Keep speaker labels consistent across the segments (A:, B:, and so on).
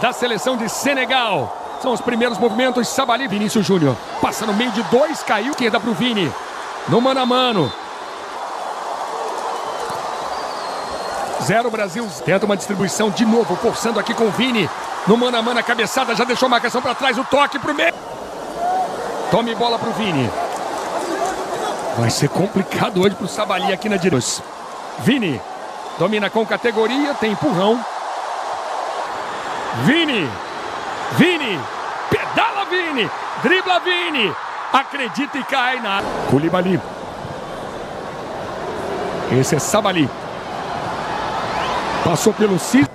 A: da seleção de Senegal. São os primeiros movimentos. Sabali, Vinícius Júnior. Passa no meio de dois, caiu esquerda para o Vini. No mano a mano. Zero Brasil. Tenta uma distribuição de novo, forçando aqui com o Vini. No mano a mano, a cabeçada já deixou a marcação para trás. O toque para o meio. Tome bola para o Vini. Vai ser complicado hoje para o Sabali aqui na direita. Vini domina com categoria, tem empurrão. Vini, Vini, pedala Vini, dribla Vini, acredita e cai na área. Esse é Sabali. Passou pelo Cis.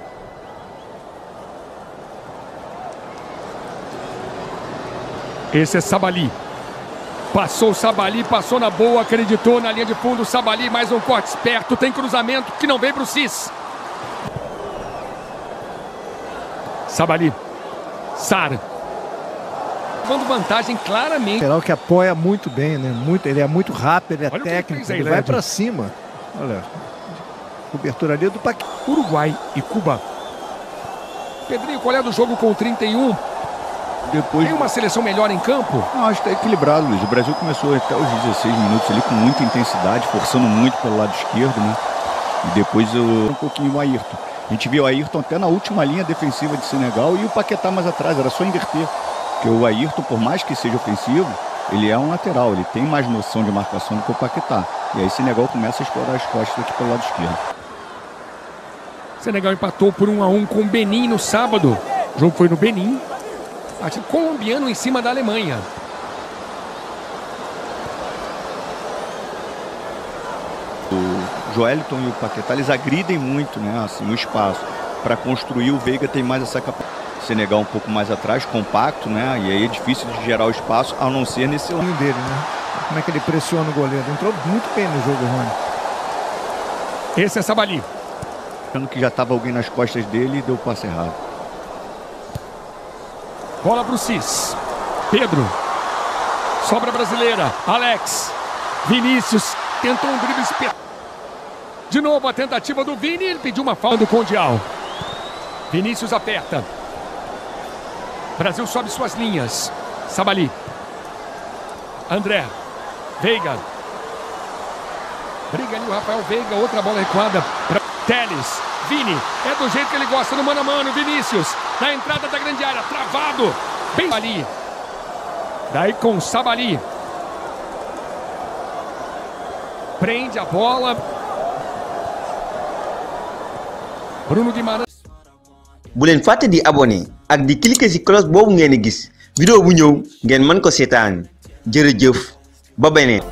A: Esse é Sabali. Passou o Sabali, passou na boa, acreditou na linha de fundo. Sabali, mais um corte esperto, tem cruzamento que não vem para o Cis. Sabali. Sara. Levando vantagem claramente. Lateral que apoia muito bem,
B: né? Muito, ele é muito rápido, ele é Olha técnico, ele, aí, ele vai para cima. Olha. Cobertura ali do Paquistão, Uruguai e Cuba.
A: Pedrinho, qual é do jogo com 31? Depois... Tem uma seleção melhor em campo?
B: Não, acho que está equilibrado, Luiz. O Brasil começou até os 16 minutos ali com muita intensidade, forçando muito pelo lado esquerdo, né? E depois eu... um pouquinho o Ayrton. A gente viu o Ayrton até na última linha defensiva de Senegal e o Paquetá mais atrás, era só inverter. Porque o Ayrton, por mais que seja ofensivo, ele é um lateral, ele tem mais noção de marcação do que o Paquetá. E aí Senegal começa a explorar as costas aqui pelo lado esquerdo.
A: Senegal empatou por 1 a 1 com o Benin no sábado. O jogo foi no Benin. Partido colombiano em cima da Alemanha.
B: Joeliton e o Paquetá, eles agridem muito, né? Assim, o espaço. Para construir, o Veiga tem mais essa capacidade. Senegal um pouco mais atrás, compacto, né? E aí é difícil de gerar o espaço, a não ser nesse lado. dele, né? Como é que ele pressiona o goleiro? Entrou muito bem no jogo, Rony. Esse é Sabali. Achando que já estava alguém nas costas dele e deu o passe errado.
A: Bola para o Cis. Pedro. Sobra brasileira. Alex. Vinícius. Tentou um drible espetacular. De novo a tentativa do Vini. Ele pediu uma falta do Condial. Vinícius aperta. Brasil sobe suas linhas. Sabali. André. Veiga. Briga ali o Rafael Veiga. Outra bola recuada. para Teles. Vini. É do jeito que ele gosta no mano a mano. Vinícius. Na entrada da grande área. Travado. Bem ali. Daí com Sabali. Prende a bola.
B: bu leen fàtte di abonné ak di cliquer ci cloche boobu ngeen di gis vidéo bu ñëw ngeen mën ko seetaan jërëjëf ba beneen